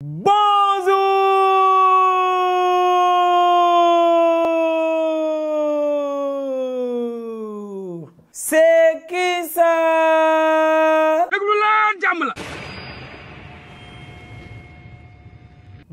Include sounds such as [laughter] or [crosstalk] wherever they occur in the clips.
Boom!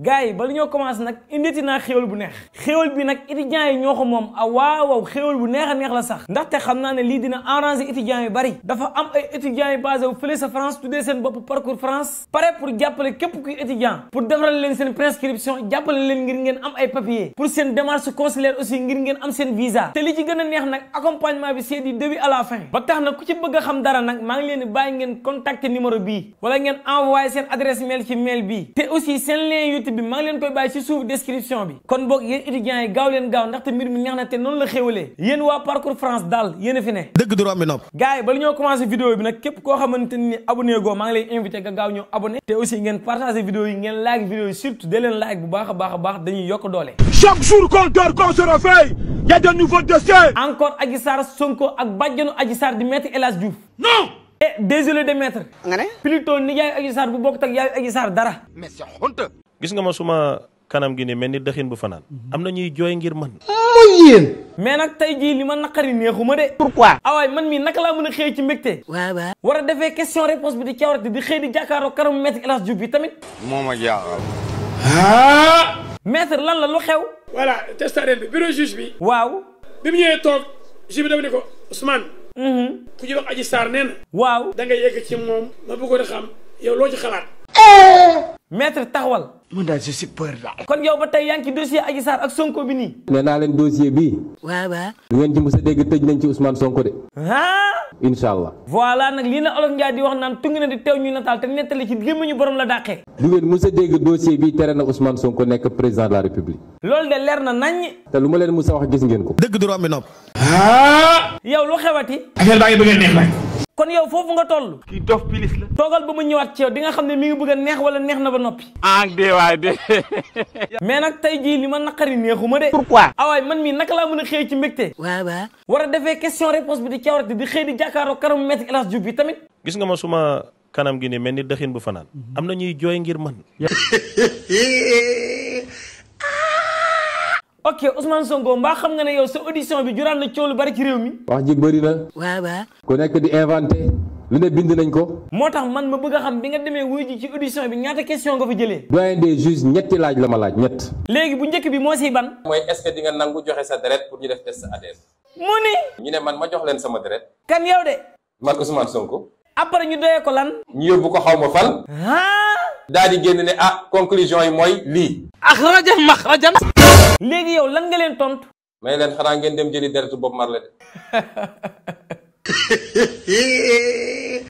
gars yi bala ñoo commencé nag inditi naa xéwal bu neex xéwal bi nag étudiants yi ñoo moom a ah, waaw waaw xéwal bu neex a neex la sax ndaxte xam naa ne lii dina arranger étudiants yu bari dafa am ay étudiants yu basé wu fële sa France tuddee seen bopp parcours France pare pour jàppale képp kuy étudiant pour defaral leen seen prescription jàppale leen ngir ngeen am ay papiers pour seen démarche consulaire aussi ngir ngeen am seen visa te li ci gën a neex nag accompagnement bi c'est du début à la fin ba tax na bi maa ngi leen koy bàyyi ci suuf description bi kon boog yéen étudiants yi gaaw leen gaaw ndaxte mbir mi neex na te noonu la xéwalee yéen waa parcours France daal yéen a fi ne dëgg du romb nopp gars yi bala ñoo commencé vidéo bi nag képp koo xamante ni abonné goo maa ngi lay invité nga gaaw ñoo abonné te aussi ngeen partagé vidéo yi ngeen like vidéo yi surtout da leen like bu baax a baax a baax dañuy yokk doole chaque jour qu'on dort qu'on se réveille y a de nouveaux dossiers encore Adji Sarr Sonko ak bàjjanu Adji Sarr di mettre El Diouf non eh, désolé de maître. nga ne. plutôt ni yaay Adji Sarr bu bokk tak yaay Adji Sarr dara. mais c'est honte. gis nga ma suma kanam gi ni melni ni bu fanaan mhm. amna ñuy joy ngir man moyen mais nak tay ji lima nakari neexuma de pourquoi awaay man mi nak la mëna xey ci mbekté wa wa wara défé question réponse bi di rek di xey di jakaro karam metti elas djub bi tamit moma ma ah! maître lan la lu xew voilà testaren bi bureau juge bi waaw bi mu ñëwee toog juge bi dama ni ko Ousmane mhm. ku ñu wax aji sar nee waaw da nga yegg ci mom ma bëggoon a xam yow lo ci xalaat eh! maître taxawal. man daal je suis peur daal. kon yow ba tey yaa ngi ci dossier Adji Sarr ak Sonko bi nii. nee leen dossier bii. waaw waaw. ngeen ci mos dégg tëj nañ ci Ousmane Sonko de. incha allah. voilà nag lii na olof Ndiaye di wax naan tungi na di teew ñu nataal te nettali ci gémmiñu borom la dàqee. du ngeen mos a dégg dossier bii tere na Ousmane Sonko nekk président de la république. loolu de leer na naññ. te lu ma leen mos a wax gis ngeen ko. dëgg du romb nopp. yow kon yow foofu nga toll. kii dof pilis la. toogal ba ma ñëwaat ci yow di nga xam ne mi ngi bëgg a neex wala neex na ba noppi. ah dee waay de. [laughs] mais nag tey jii li ma naqari neexu ma de. pourquoi. awaay ah man mii naka laa mën a xëyee ci mbégte. waaw waaw. war a defee question réponse bi di cawrate di xëy di jàkkaaroo kanamu maître El Hadj Diouf bi tamit. gis nga ma suma kanam gi nii mel ni dëxin bu fanaan. am na ñuy jooy ngir man. [laughs] ok Ousmane Sonko mbaa xam nga ne yow sa audition bi juraan na coow lu bari ci réew mi. wax jig bëri na. waaw ku nekk di inventé. lu ne bind nañ ko. moo tax man ma bëgg a xam bi nga demee wuy ji ci audition bi ñaata question nga fa jëlee. doyen des juges ñetti laaj la ma laaj ñett. léegi bu njëkk bi moo siy ban. mooy est-ce que di nga nangu joxe sa deret pour ñu def test ADN. mu ni. ñu ne man ma jox leen sama deret. kan yow de. man Ousmane Sonko. après ñu doyee ko lan. ñu yóbbu ko xaw ma fan. daal di génn ne ah conclusion yi mooy lii. ak rajo max rajo léegi yow lan nga leen tontu. may leen xanaa ngeen dem jëli deretu Bob Marley de. [laughs]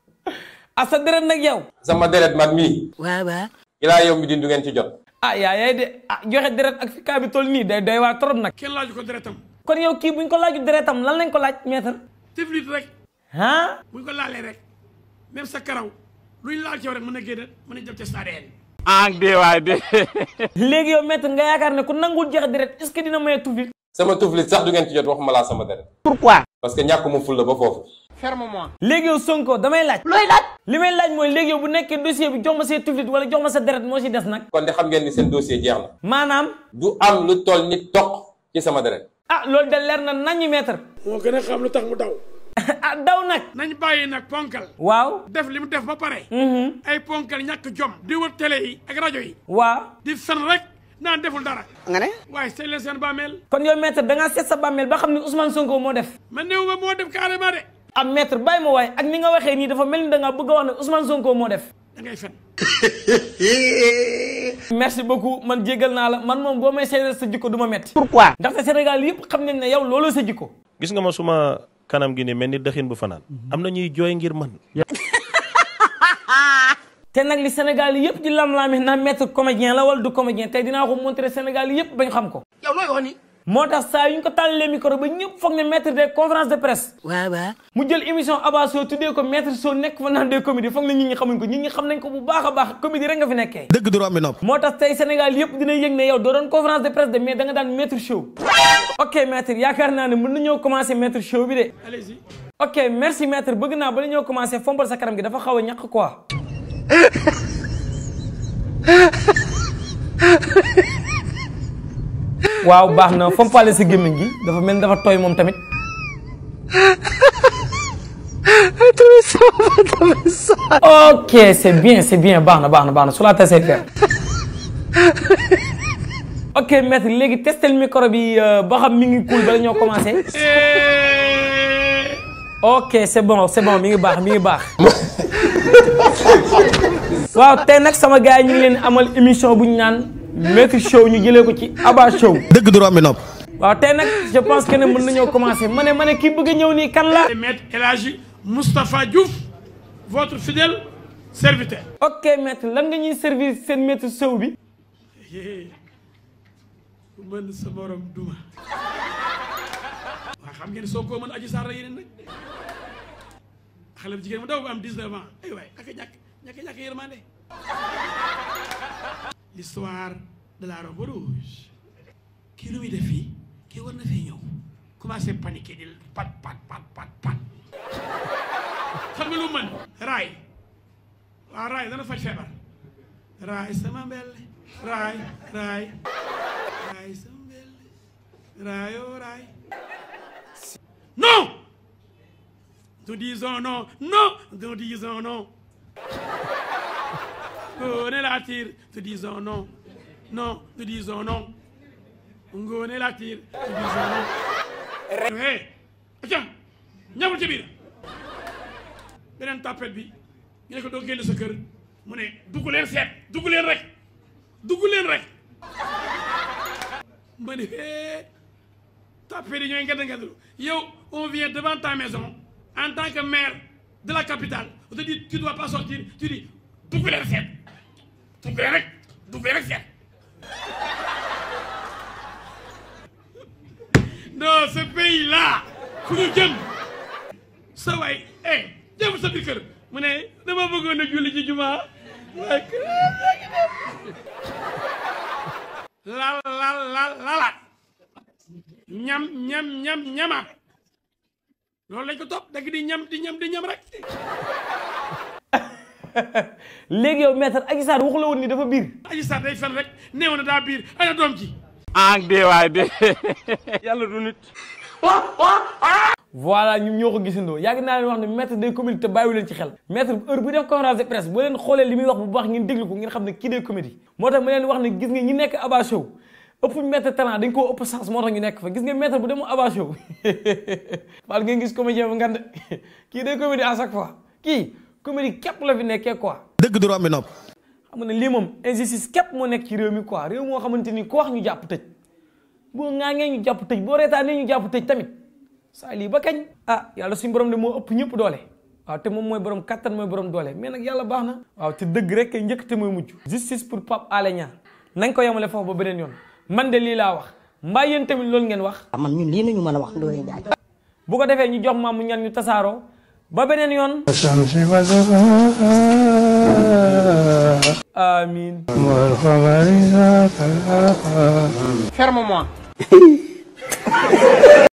asa deret nag yow. sama deret man mi waaw waaw. ilaa yow mi di du ngeen ci jot. ah yaa de ah joxe deret ak fi kaa toll nii day doy waa trop nag. kenn laaju ko deretam. kon yow kii buñ ko laaju deretam lan lañ ko laaj maître. tiflit rek. ah. buñ ko laalee rek même sa karaw lu laal ci yow rek mën na génn mën na jëm ca sa ADN. ah dee waay dee. léegi yow maître nga yaakaar ne ku nangul jeex deret est-ce que dina maye tuflit. sama tuflit sax du ngeen ci jot waxuma laa sama deret. pourquoi. parce que ñàkk mu ba foofu. fermement. léegi yow Sonko damay laaj. looy laaj. li may laaj mooy léegi yow bu nekkee dossier bi jox ma say tuflit wala jox ma sa deret moo ci des nag. kon de xam ngeen ni seen dossier jeex na. maanaam. du am lu toll ni toq ci sama deret. ah loolu de leer na nañu maître. moo gën a xa lu tax mu daw. [laughs] ah daw nag. nañ bàyyi nag ponkal. waaw. def li mu def ba pare. Mm-hmm. ay ponkal ñàkk jom. di wër télé yi ak rajo yi. waa di san rek naan deful dara. nga ne. waaye seet leen seen bàmmeel. kon yow maître da ngaa seet sa bàmmeel ba xam ne Ousmane Sonko moo def. man néew ma moo def carrément de. am ah, maître bàyyi ma waaye ak ni nga waxee nii dafa mel ni da ngaa bëgg a wax ne Sonko moo def. da ngay fen. [laughs] merci beaucoup jégal naa la man moom boo may seedeel sa jikko du ma métti. pourquoi. ndaxte Sénégal yëpp xam nañ ne yow looloo sa jikko. gis nga ma suma kanam gi ni mel ni dëxin bu fanaan mhm. am na ñuy jooy ngir man [laughs] te nag li Sénégal yëpp di lam-laame na maître comédien la wala du comédien tey dinaa ko montré Sénégal yëpp bañ xam ko moo tax saa yu ñu ko tàllalee micro ba ñëpp foog ne maître des conférences de presse. mu jël émission Aba Sow tuddee ko maître Sow nekk fa naan des comédie foog ne nit ñi xamuñ ko nit ñi xam nañ ko bu baax a baax comédie rek nga nekkee. dëgg du romb nopp. moo tax tey Sénégal yëpp dina yëg ne yow doo doon conférence de presse de mais da daan maître show. ok maître yaakaar naa ne mën nañoo commencé maître show bi de. ok merci maître bëgg naa bala ñoo commencé fombal sa [laughs] waaw baax na fompale sa gémmiñ gi dafa mel ni dafa tooy moom tamit. [laughs] ok c'est bien c'est bien baax na baax na baax na su la tasee fer ok maître léegi testel micro bi euh, ba xam mi ngi cool bala ñoo commencé. ok c'est bon c'est bon mi ngi baax mi ngi baax. [laughs] waaw tey nag sama gars yi ñu ngi leen amal émission bu ñu naan. Maître Show ñu jëlee ko ci Aba Show. dëgg du romb nopp. waaw tey nag je pense que ne mën nañoo commencer ma ne ma ne kii bëgg a ñëw kan la. Maître El Hadji Moustapha Diouf votre fidèle serviteur. ok maître lan nga ñuy servir seen Maître Show bi. ku mën sa morom duma. waaw xam ngeen soo ko mën aji saar la yeneen nag xale bu jigéen mu daw ba am 19 ans ay waay ak a ñàkk ñàkk a ñàkk yërmande l'histoire de la robe rouge Qui nous défie qui fii kii war na fee ñëw paniquer dit pat pat pat pat pat Rai. Rai, Rai, mën raay pas chèvre. Rai, c'est ma belle. Rai, rai. Rai, c'est ma belle. Rai, oh, rai. non nous disons non non nous disons non est la tire, te disant non. Non, te disant non. est la tire, te disant non. Hé, tiens, ñamul ci biir. beneen tapet bi le ne ko doo génn sa kër mu ne dugg leen seet duggu len rek duggu len rek. ma ne est tapet tapé ñooy ngedd ngedd yow on vient devant ta maison en tant que maire de la capitale on te dit tu dois pas sortir tu dis duggu len seet. du fee rek du fee rek seet non ce pays là fu jëm sa waay eh jëm sa biir kër mu ne dama bëggoon a julli ci jumaa waaye kër lal lal lal lalaat ñam ñam ñam ñamaat loolu lañ ko top dagg di ñam di ñam di [laughs] léegi yow maître Adji Sarr waxu la woon ni dafa biir. Adji Sarr day fen rek néew na daa biir ana doom ji. ah dee waay dee [laughs] yàlla du nit. voilà ñun ñoo ko gisandoo yàgg naa leen wax ne maître day comédie te bàyyiwu leen ci xel maître heure bu def conférence de presse boo leen xoolee li muy wax bu baax ngeen déglu ko ngeen xam ne kii day comédie moo tax ma leen wax ne gis nga ñi nekk Abba Show ëpp maître talent dañ koo ëpp chance moo tax ñu nekk fa gis nga maître bu demoo Abba Show wal [laughs] ngeen gis comédien bu ngand kii day comédie à chaque fois kii comédie képp la fi nekkee quoi. dëgg du romb nopp. xam ne lii moom injustice képp moo nekk ci réew mi quoi réew moo xamante ni ku wax ñu jàpp tëj boo ŋaaŋee ñu jàpp tëj boo reetaanee ñu jàpp tëj tamit saa lii ba kañ. ah yàlla suñu borom de moo ëpp ñëpp doole. waaw te moom mooy borom kattan mooy borom doole mais nag yàlla baax na. waaw te dëgg rek njëkk te mooy mujj. justice pour Pape Alé Niang nañ ko yemale foofu ba beneen yoon man de lii laa wax mbaa yéen tamit loolu ngeen wax. Ah, man ñun lii nañu mën a wax Ndoye Ndiaye. bu ba beneen yoon amin ferme-moi [laughs]